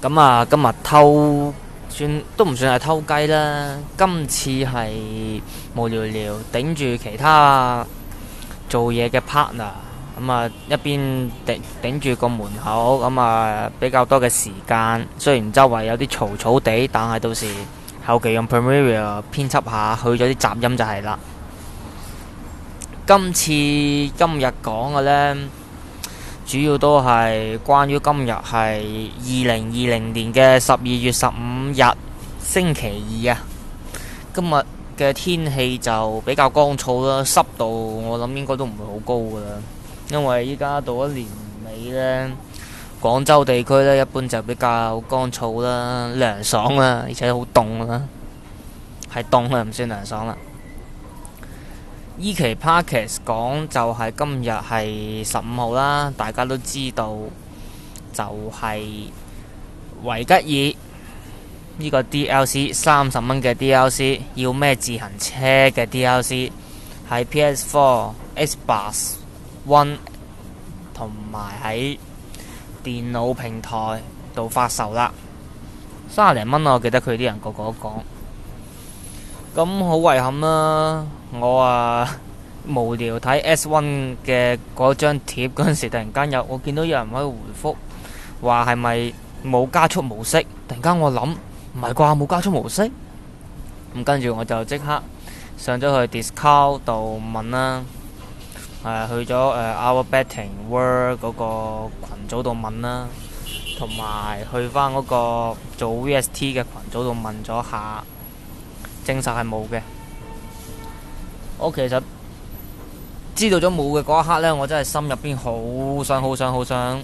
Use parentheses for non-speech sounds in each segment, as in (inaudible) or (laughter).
咁啊，今日偷算都唔算係偷雞啦。今次係無聊聊，頂住其他做嘢嘅 partner、嗯。咁啊，一邊頂頂住個門口，咁、嗯、啊比較多嘅時間。雖然周圍有啲嘈嘈地，但係到時後期用 Premiere 編輯下去咗啲雜音就係喇。今次今日講嘅呢。主要都係關於今日係二零二零年嘅十二月十五日星期二啊！今日嘅天氣就比較乾燥啦，濕度我諗應該都唔會好高噶啦。因為依家到咗年尾呢，廣州地區呢一般就比較乾燥啦、涼爽啦，而且好凍啦，係凍啦，唔算涼爽啦。依期 Parkes 講就係今日係十五號啦，大家都知道就係維吉爾呢個 DLC 三十蚊嘅 DLC，要咩自行車嘅 DLC 喺 PS4 Xbox One 同埋喺電腦平台度發售啦，三十零蚊，我記得佢啲人個個都講，咁好遺憾啦～我啊無聊睇 S1 嘅嗰張貼嗰陣時，突然間有我見到有人喺度回覆，話係咪冇加速模式？突然間我諗，唔係啩冇加速模式？咁跟住我就即刻上咗去 Discord 度問啦、啊，去咗誒、呃、Our Betting World 嗰個羣組度問啦，同埋去翻嗰個做 VST 嘅群組度問咗下，證實係冇嘅。我其實知道咗冇嘅嗰一刻呢，我真係心入邊好想、好想、好想，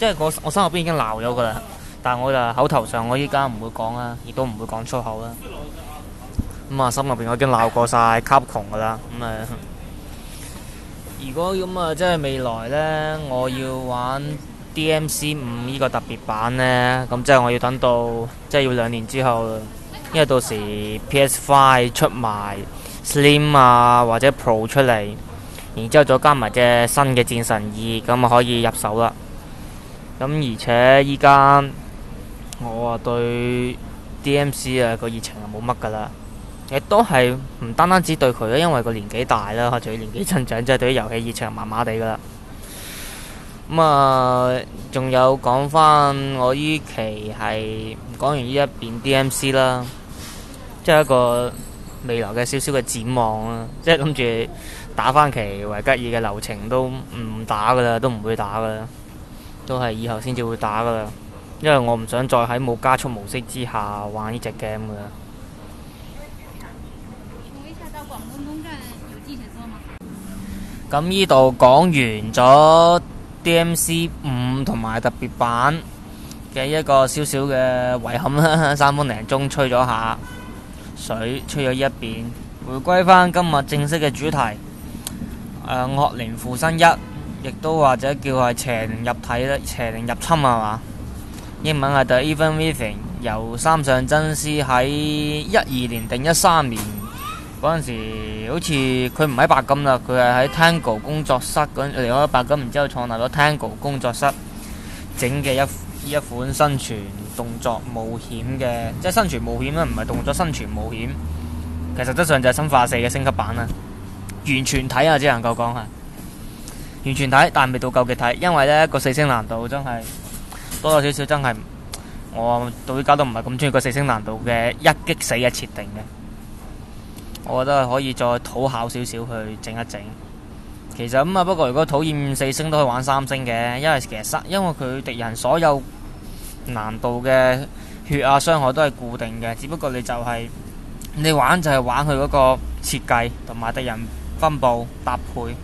即係我、嗰個、我心入邊已經鬧咗噶啦。但係我就口頭上我，我依家唔會講啦，亦都唔會講粗口啦。咁啊，心入邊我已經鬧過晒， (laughs) 吸窮噶啦。咁、嗯、啊，如果咁啊，即係未來呢，我要玩 D M C 五呢個特別版呢。咁即係我要等到，即係要兩年之後，因為到時 P S Five 出埋。Slim 啊，或者 Pro 出嚟，然之後再加埋隻新嘅戰神二，咁啊可以入手啦。咁而且依家我啊對 D M C 啊個熱情啊冇乜噶啦，亦都係唔單單只對佢啦，因為個年紀大啦，除咗年紀增長，即係對於遊戲熱情麻麻地噶啦。咁啊，仲有講翻我依期係講完呢一邊 D M C 啦，即係一個。未來嘅少少嘅展望啦，即係諗住打返期維吉爾嘅流程都唔打噶啦，都唔會打噶啦，都係以後先至會打噶啦，因為我唔想再喺冇加速模式之下玩呢隻 game 噶。咁呢度講完咗 D M C 五同埋特別版嘅一個少少嘅遺憾啦，三分零鐘吹咗下水吹咗一遍，回歸返今日正式嘅主題。誒惡靈附身一，亦都或者叫係邪靈入體啦，邪靈入侵啊嘛。英文係 The Evil Within 由三上真司喺一二年定一三年嗰陣時，好似佢唔喺白金啦，佢係喺 Tango 工作室嗰陣離開咗白金，然之後創立咗 Tango 工作室整嘅一。呢一款生存動作冒險嘅，即係生存冒險啦，唔係動作生存冒險。其實實質上就係生化四嘅升級版啦，完全睇啊，只能夠講係，完全睇，但係未到夠嘅睇，因為呢個四星難度真係多多少少真係，我到而家都唔係咁中意個四星難度嘅一擊死嘅設定嘅，我覺得可以再討巧少少去整一整。其實咁啊，不過如果討厭四星都可以玩三星嘅，因為其實三因為佢敵人所有難度嘅血啊傷害都係固定嘅，只不過你就係、是、你玩就係玩佢嗰個設計同埋敵人分布搭配呢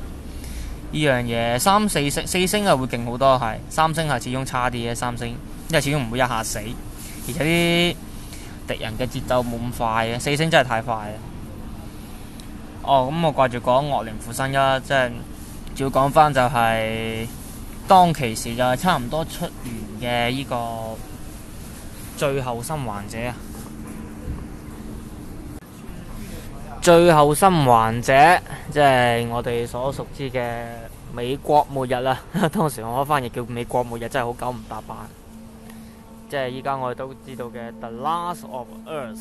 樣嘢。三四星四星係會勁好多係，三星係始終差啲嘅，三星因為始終唔會一下死，而且啲敵人嘅節奏冇咁快嘅，四星真係太快啊！哦，咁我掛住講惡靈附身啦，即係主要講翻就係、是、當其時就係差唔多出完嘅依個最後生還者啊！ (music) 最後生還者即係我哋所熟知嘅美國末日啦。 (laughs) 當時我嘅翻譯叫美國末日真係好九唔搭八，即係依家我哋都知道嘅《The Last of Us》。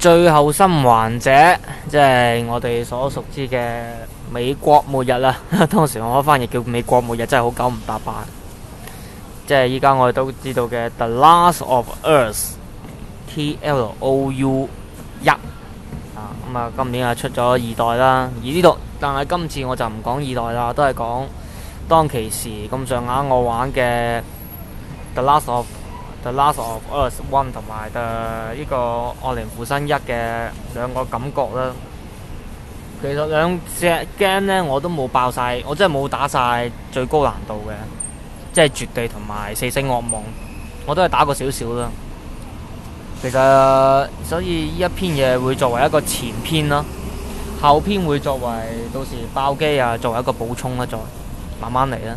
最後生還者，即係我哋所熟知嘅美國末日啦。當時我可翻譯叫美國末日，真係好久唔搭八。即係依家我哋都知道嘅《The Last of Us》（T L O U 一）。啊，咁啊，今年啊出咗二代啦。而呢度，但係今次我就唔講二代啦，都係講當其時咁上下我玩嘅《The Last of》。The Last of Us One》同埋《呢個邪靈附身一》嘅兩個感覺啦。其實兩隻 game 呢，我都冇爆晒，我真係冇打晒最高難度嘅，即係絕地同埋四星噩夢，我都係打過少少啦。其實所以呢一篇嘢會作為一個前篇啦，後篇會作為到時爆機啊，作為一個補充啦，再慢慢嚟啦。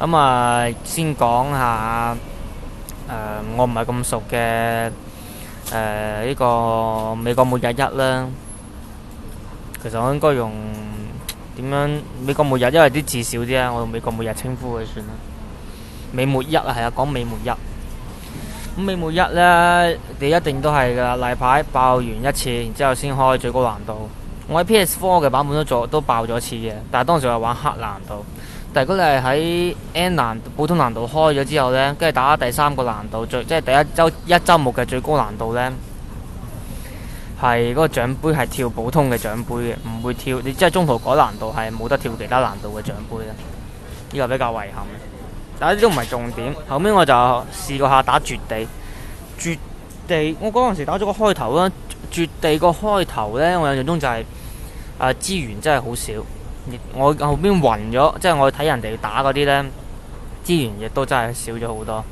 咁啊，先講下。誒，uh, 我唔係咁熟嘅，誒、uh, 呢個美國末日一啦。其實我應該用點樣美國末日，因為啲字少啲啊。我用美國末日稱呼佢算啦。美末一啊，係啊，講美末一。咁美末一呢，你一定都係噶啦。例牌爆完一次，然之後先開最高難度。我喺 PS4 嘅版本都做都爆咗一次嘅，但係當時我玩黑難度。如果你係喺 N 難普通難度開咗之後呢，跟住打第三個難度最即係第一週一週目嘅最高難度呢，係嗰個獎杯係跳普通嘅獎杯嘅，唔會跳你即係中途改難度係冇得跳其他難度嘅獎杯嘅，呢個比較遺憾，但係呢啲都唔係重點。後尾我就試過下打絕地，絕地我嗰陣時打咗個開頭啦。絕地個開頭呢，我印象中就係、是、啊資源真係好少。我後邊暈咗，即係我睇人哋打嗰啲呢，資源亦都真係少咗好多。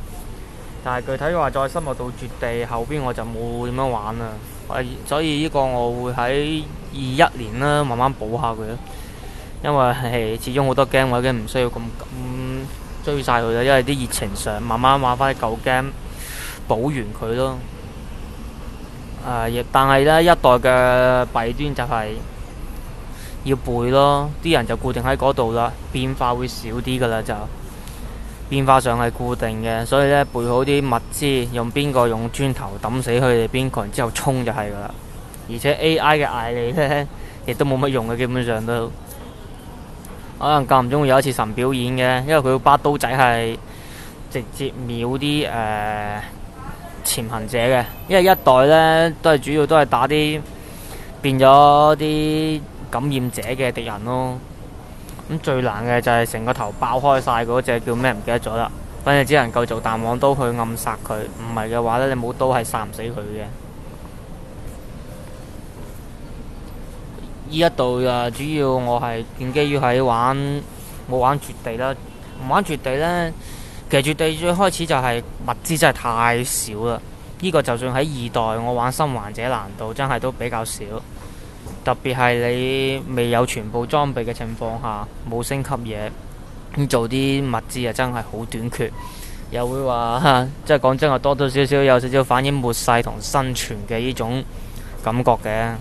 但係具體話再深入到絕地後邊我就冇點樣玩啦。所以呢個我會喺二一年啦，慢慢補下佢。因為係始終好多 game 我已經唔需要咁咁追晒佢啦，因為啲熱情上慢慢玩翻啲舊 game，補完佢咯，呃。但係呢一代嘅弊端就係。要背咯，啲人就固定喺嗰度啦，變化會少啲噶啦，就變化上係固定嘅，所以呢，背好啲物資，用邊個，用磚頭抌死佢哋，邊個人之後衝就係噶啦。而且 A.I. 嘅艾利呢，亦都冇乜用嘅，基本上都可能間唔中會有一次神表演嘅，因為佢嗰把刀仔係直接秒啲誒、呃、潛行者嘅，因為一代呢都係主要都係打啲變咗啲感染者嘅敵人咯，咁最難嘅就係成個頭爆開晒嗰隻叫咩唔記得咗啦，反正只能夠做彈簧刀去暗殺佢，唔係嘅話呢，你冇刀係殺唔死佢嘅。依 (laughs) 一度啊，主要我係建基於喺玩，冇玩絕地啦，唔玩絕地呢，其實絕地最開始就係物資真係太少啦，呢、這個就算喺二代我玩生還者難度真係都比較少。特別係你未有全部裝備嘅情況下，冇升級嘢，咁做啲物資啊，真係好短缺，又會話，即係講真話，我多多少少有少少反映末世同生存嘅呢種感覺嘅。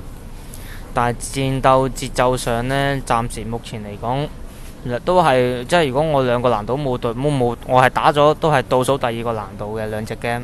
但係戰鬥節奏上呢，暫時目前嚟講，都係即係如果我兩個難度冇冇冇，我係打咗都係倒數第二個難度嘅兩隻 game。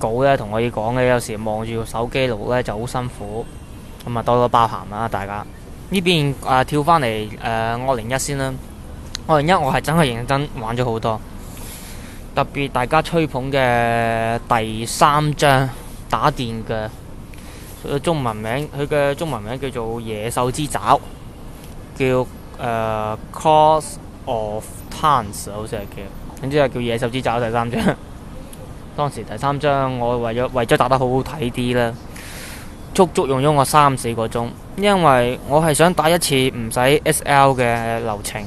稿咧同我要講嘅，有時望住手機錄咧就好辛苦，咁啊，多多包涵啦，大家呢邊啊、呃、跳翻嚟誒惡零一先啦，惡零一我係真係認真玩咗好多，特別大家吹捧嘅第三張打電嘅，中文名佢嘅中文名叫做野獸之爪，叫誒、呃、Cross of Tans 好似係叫，總之係叫野獸之爪第三張。當時第三章，我為咗為咗打得好好睇啲啦，足足用咗我三四個鐘，因為我係想打一次唔使 SL 嘅流程，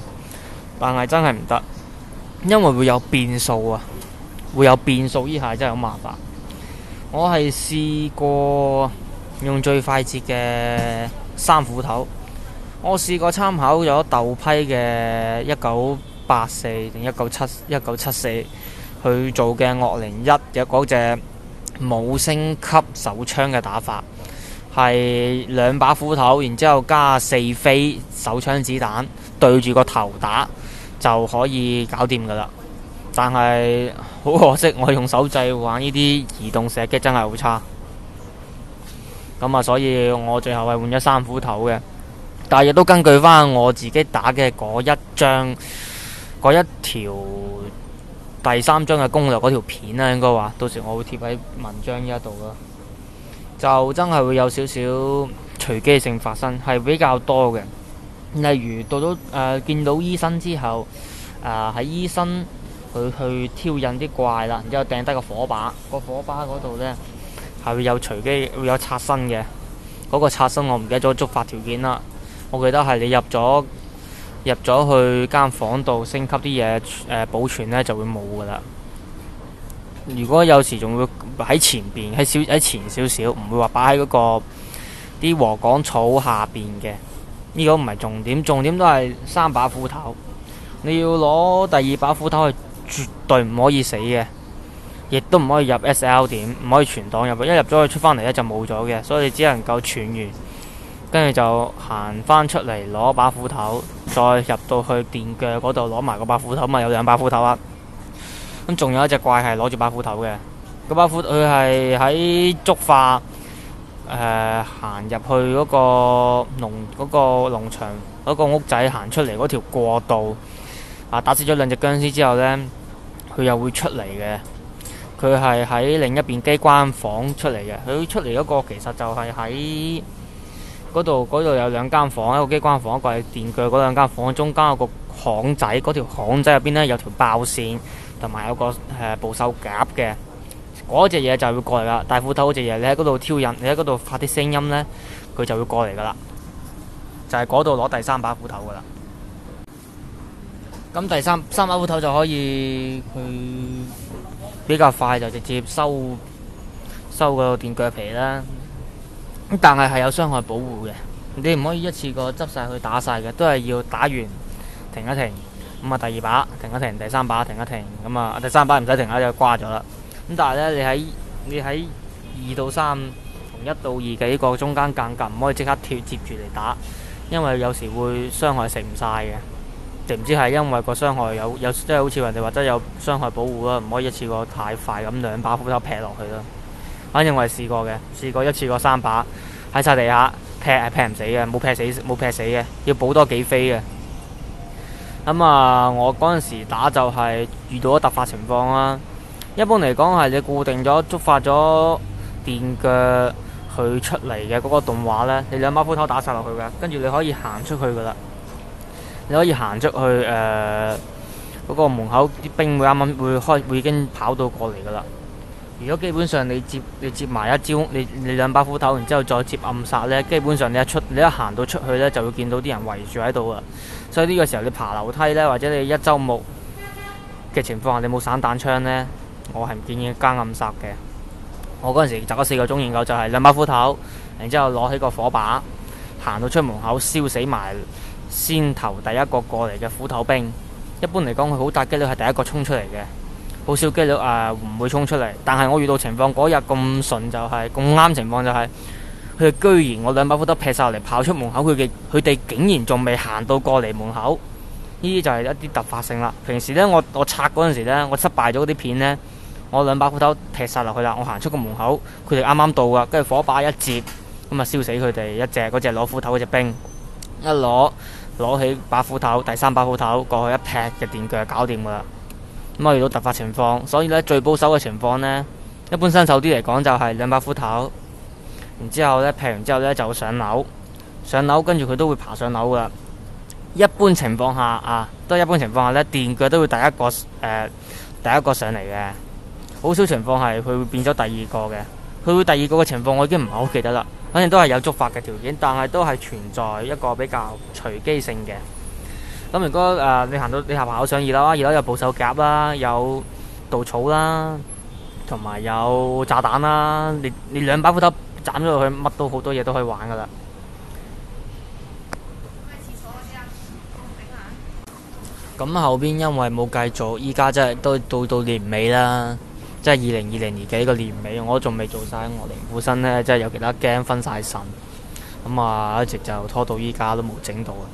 但係真係唔得，因為會有變數啊，會有變數呢下真係好麻煩。我係試過用最快捷嘅三斧頭，我試過參考咗豆批嘅一九八四定一九七一九七四。去做嘅惡靈一嘅嗰隻冇升級手槍嘅打法，係兩把斧頭，然之後加四飛手槍子彈對住個頭打就可以搞掂㗎喇。但係好可惜，我用手掣玩呢啲移動射擊真係好差。咁啊，所以我最後係換咗三斧頭嘅，但係亦都根據返我自己打嘅嗰一張嗰一條，第三章嘅攻略嗰條片啦，應該話到時我會貼喺文章呢一度咯。就真係會有少少隨機性發生，係比較多嘅。例如到咗誒、呃、見到醫生之後，誒、呃、喺醫生佢去，去挑釁啲怪啦，然之後掟低個火把，個火把嗰度呢，係會有隨機會有刷新嘅。嗰、那個刷新我唔記得咗觸發條件啦，我記得係你入咗。入咗去間房度升級啲嘢，誒、呃、保存呢就會冇噶啦。如果有時仲會喺前邊，喺少喺前少少，唔會話擺喺嗰個啲禾稈草下邊嘅。呢個唔係重點，重點都係三把斧頭。你要攞第二把斧頭，絕對唔可以死嘅，亦都唔可以入 S L 點，唔可以傳檔入。一入咗去出返嚟呢，就冇咗嘅，所以只能夠存完。跟住就行返出嚟攞把斧頭，再入到去電鋸嗰度攞埋個把斧頭，咪有兩把斧頭啊。咁仲有一隻怪係攞住把斧頭嘅，嗰把斧佢係喺觸化，誒、行入去嗰個農嗰個農場嗰個屋仔行出嚟嗰條過道啊，打死咗兩隻僵屍之後呢，佢又會出嚟嘅。佢係喺另一邊機關房出嚟嘅，佢出嚟嗰個其實就係喺。嗰度嗰度有兩間房，一個機關房，一個係電鋸。嗰兩間房中間有個巷仔，嗰條巷仔入邊咧有條爆線，同埋有個誒捕獸夾嘅。嗰隻嘢就會過嚟啦。大斧頭嗰隻嘢，你喺嗰度挑釁，你喺嗰度發啲聲音咧，佢就會過嚟噶啦。就係嗰度攞第三把斧頭噶啦。咁第三三把斧頭就可以，佢比較快就直接收收個電鋸皮啦。但係係有傷害保護嘅，你唔可以一次過執晒佢打晒嘅，都係要打完停一停，咁啊第二把停一停，第三把停一停，咁啊第三把唔使停啦，就掛咗啦。咁但係呢，你喺你喺二到三同一到二嘅呢個中間間隔唔可以即刻接接住嚟打，因為有時會傷害食唔晒嘅，定唔知係因為個傷害有有即係、就是、好似人哋話真係有傷害保護啦，唔可以一次過太快咁兩把斧頭劈落去啦。反正我係試過嘅，試過一次過三把喺晒地下劈係劈唔死嘅，冇劈死冇劈死嘅，要補多幾飛嘅。咁、嗯、啊，我嗰陣時打就係遇到咗突發情況啦、啊。一般嚟講係你固定咗觸發咗電鋸佢出嚟嘅嗰個動畫咧，你兩把斧頭打晒落去嘅，跟住你可以行出去噶啦。你可以行出去誒嗰、呃那個門口，啲兵會啱啱會開，會已經跑到過嚟噶啦。如果基本上你接你接埋一招，你你兩把斧頭，然之後再接暗殺呢，基本上你一出你一行到出去呢，就會見到啲人圍住喺度啊。所以呢個時候你爬樓梯呢，或者你一周目嘅情況下你冇散彈槍呢，我係唔建議加暗殺嘅。我嗰陣時集咗四個鐘，研究就係兩把斧頭，然之後攞起個火把，行到出門口燒死埋先頭第一個過嚟嘅斧頭兵。一般嚟講，佢好大幾率係第一個衝出嚟嘅。好少機率啊，唔、呃、會衝出嚟。但係我遇到情況嗰日咁順就係、是，咁啱情況就係、是，佢哋居然我兩把斧頭劈晒落嚟，跑出門口，佢哋佢哋竟然仲未行到過嚟門口。呢啲就係一啲突發性啦。平時呢，我我拆嗰陣時呢，我失敗咗啲片呢，我兩把斧頭劈晒落去啦，我行出個門口，佢哋啱啱到噶，跟住火把一接，咁啊燒死佢哋一隻嗰隻攞斧頭嗰隻兵，一攞攞起把斧頭，第三把斧頭過去一劈嘅電鋸搞掂噶啦。咁我遇到突發情況，所以咧最保守嘅情況呢，一般新手啲嚟講就係兩把斧頭，然之後咧劈完之後咧就上樓，上樓跟住佢都會爬上樓噶。一般情況下啊，都係一般情況下咧，電鋸都會第一個誒、呃，第一個上嚟嘅，好少情況係佢會變咗第二個嘅，佢會第二個嘅情況我已經唔係好記得啦，反正都係有觸發嘅條件，但係都係存在一個比較隨機性嘅。咁、嗯、如果誒、呃、你行到你行埋我上二樓啊，二樓有捕手夾啦，有稻草啦，同埋有炸彈啦，你你兩把斧頭斬咗落去，乜都好多嘢都可以玩噶啦。咁 (music) 後邊因為冇繼續，依家真係都到到年尾啦，即係二零二零年幾個年尾，我仲未做晒。我靈附身呢，即係有其他 game 分晒神，咁、嗯、啊一直就拖到依家都冇整到啊。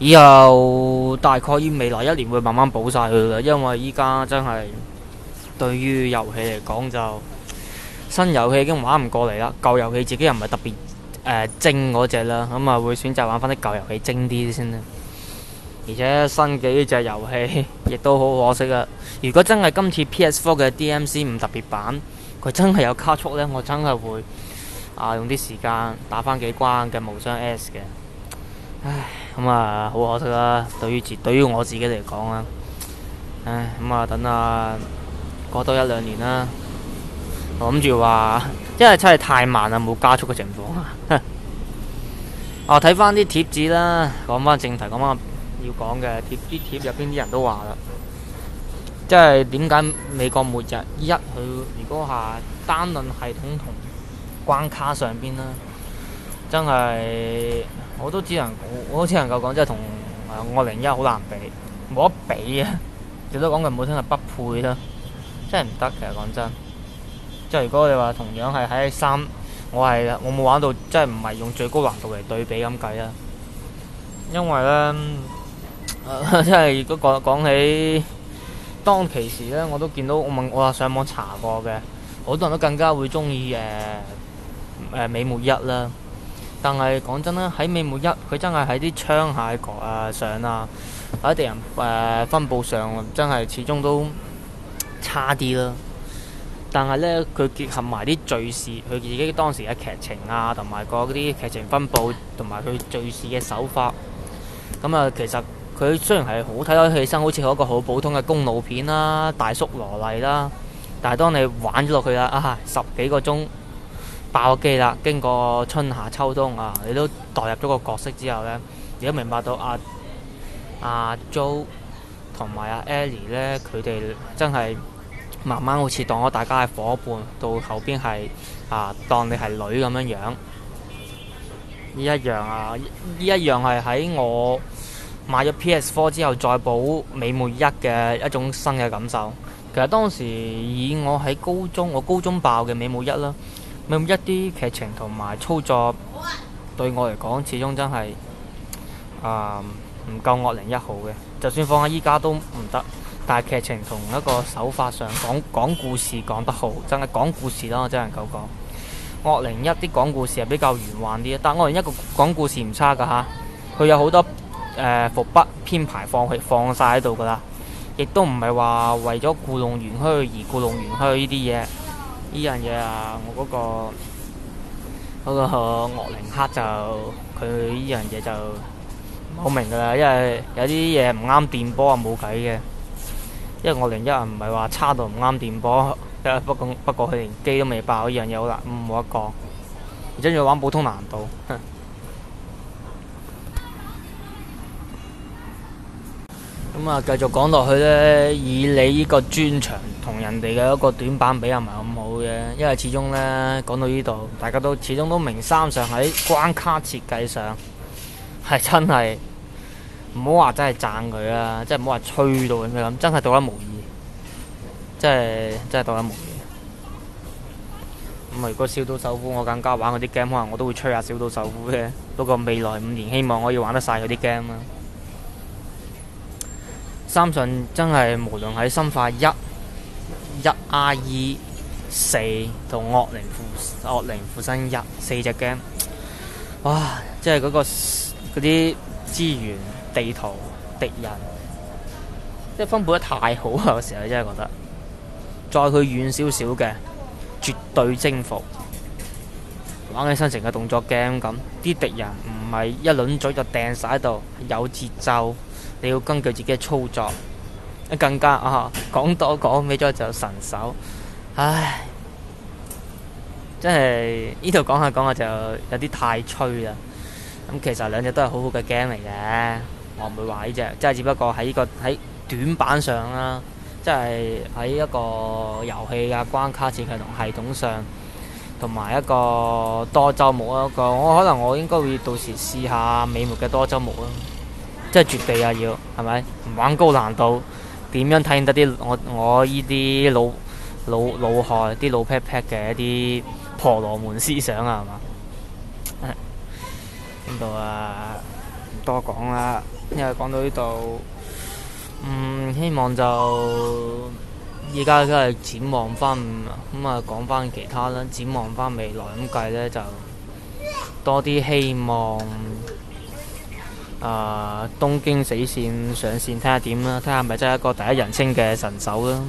以後大概於未來一年會慢慢補晒佢啦。因為依家真係對於遊戲嚟講就新遊戲已經玩唔過嚟啦，舊遊戲自己又唔係特別誒、呃、精嗰隻啦，咁啊會選擇玩翻啲舊遊戲精啲先啦。而且新嘅呢隻遊戲亦都好可惜啊！如果真係今次 PS4 嘅 DMC5 特別版，佢真係有加速呢，我真係會啊用啲時間打翻幾關嘅無雙 S 嘅。唉。咁啊，好、嗯、可惜啦！對於自對於我自己嚟講啊，唉，咁、嗯、啊，等啊過多一兩年啦，我諗住話，因為真係太慢啦，冇加速嘅情況啊。我睇翻啲帖子啦，講翻正題，講翻要講嘅貼啲貼入邊啲人都話啦，即係點解美國末日一，佢如果係單論系統同關卡上邊啦，真係～我都只能我好似能夠講，即係同我零一好難比，冇得比啊！最多講句唔好聽係不配啦，真係唔得嘅。講真，即係如果你話同樣係喺三，我係我冇玩到，即係唔係用最高難度嚟對比咁計啦。因為咧，即、啊、係如果講講起當其時咧，我都見到我問我上網查過嘅，好多人都更加會中意誒誒美末一啦。但係講真啦，喺美末一佢真係喺啲槍械啊、上啊、喺、啊、敵人誒分佈上，真係始終都差啲啦。但係呢，佢結合埋啲敘事，佢自己當時嘅劇情啊，同埋嗰啲劇情分佈同埋佢敘事嘅手法，咁、嗯、啊，其實佢雖然係好睇睇起身好似一個好普通嘅公路片啦、啊、大叔蘿莉啦、啊，但係當你玩咗落去啦啊，十幾個鐘。爆機啦！經過春夏秋冬啊，你都代入咗個角色之後呢，你都明白到阿啊，啊，Joe 同埋阿 Ellie 呢，佢哋真係慢慢好似當咗大家嘅伙伴，到後邊係啊當你係女咁樣樣。呢一樣啊，呢一樣係喺我買咗 PS Four 之後再補美末一嘅一種新嘅感受。其實當時以我喺高中，我高中爆嘅美末一啦。咁一啲劇情同埋操作對我嚟講，始終真係誒唔夠惡靈一好嘅。就算放喺依家都唔得，但係劇情同一個手法上講講故事講得好，真係講故事啦。我真係夠講。惡靈一啲講故事係比較玄幻啲，但惡靈一個講故事唔差㗎吓，佢有好多誒伏筆編排放去放曬喺度㗎啦，亦都唔係話為咗故弄玄虛而故弄玄虛呢啲嘢。呢樣嘢啊，我嗰、嗰個嗰、嗰個岳靈克就佢呢樣嘢就好明噶啦，因為有啲嘢唔啱電波啊，冇計嘅。因為岳靈一啊，唔係話差到唔啱電波，不過不過佢連機都未爆，呢樣嘢好難，嗯，冇得講。而且仲要玩普通難度。咁啊，繼續講落去呢，以你呢個專長。同人哋嘅一個短板比又唔係咁好嘅，因為始終呢講到呢度，大家都始終都明。三上喺關卡設計上係真係唔好話，真係讚佢啦，即係唔好話吹到咁樣，真係獨一無二，真係真係獨一無二。咁啊，如果小島秀夫，我更加玩嗰啲 game 可能我都會吹下小島秀夫嘅。不過未來五年，希望可以玩得晒嗰啲 game 啦。三上真係無論喺生化一。一 R.E. 四同惡靈附惡靈附身一四隻 game，啊，即係嗰、嗰個嗰啲資源、地圖、敵人，即係分佈得太好啊！有時候真係覺得，再去遠少少嘅，絕對征服。玩起生成嘅動作 game 咁，啲敵人唔係一輪嘴就掟晒喺度，有節奏，你要根據自己嘅操作。更加啊！講多講尾咗就神手，唉，真係呢度講下講下就有啲太吹啦。咁，嗯，其實兩隻都係好好嘅 game 嚟嘅，我唔會話呢隻，即係只不過喺呢個喺短板上啦，即係喺一個遊戲啊遊戲關卡設計同系統上，同埋一個多周目一個。我可能我應該會到時試下美目嘅多周目真啊，即係絕地啊要係咪唔玩高難度？點樣體現得啲我我依啲老老老害啲老劈劈嘅一啲婆羅門思想啊？係嘛？呢度啊？唔多講啦，因為講到呢度，嗯，希望就依家都係展望翻，咁啊講翻其他啦，展望翻未來咁計咧，就多啲希望。啊！東京死線上線看看，睇下點啦，睇下咪真係一個第一人稱嘅神手啦。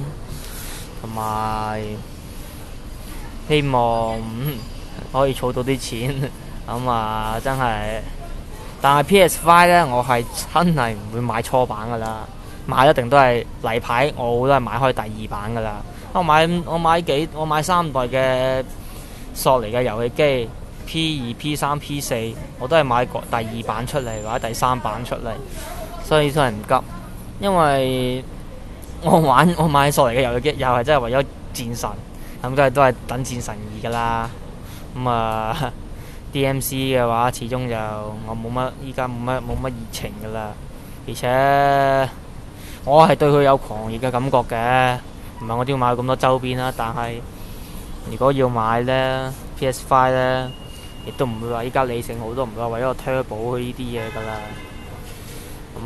同埋希望可以儲到啲錢，咁啊真係。但係 PS5 咧，我係真係唔會買初版噶啦，買一定都係例牌，我都係買開第二版噶啦。我買我買幾我買三代嘅索尼嘅遊戲機。P 二、P 三、P 四，我都係買過第二版出嚟，或者第三版出嚟，所以真係唔急。因為我玩我買索尼嘅遊戲機，又係真係為咗戰神咁，梗係都係等戰神二噶啦。咁、嗯、啊，D M C 嘅話，始終就我冇乜依家冇乜冇乜熱情噶啦。而且我係對佢有狂熱嘅感覺嘅，唔係我都要買咁多周邊啦。但係如果要買呢 P S Five 呢。亦都唔會話依家理性好多，唔會話為咗個推 u r 去呢啲嘢噶啦。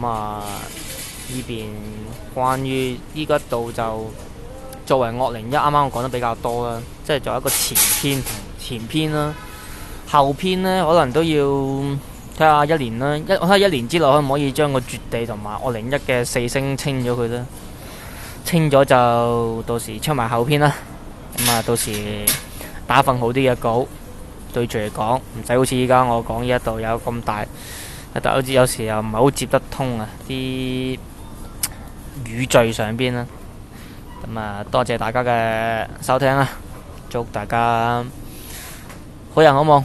咁啊，呢邊關於依家度就作為惡零一啱啱我講得比較多啦，即係作為一個前篇前篇啦、啊。後篇呢，可能都要睇下一年啦，一睇下一年之內可唔可以將個絕地同埋惡零一嘅四星清咗佢呢？清咗就到時出埋後篇啦、啊。咁啊，到時打份好啲嘅稿。對住嚟講，唔使好似依家我講呢一度有咁大，但好似有時又唔係好接得通啊！啲語序上邊啊，咁啊，多謝大家嘅收聽啊，祝大家好人好夢。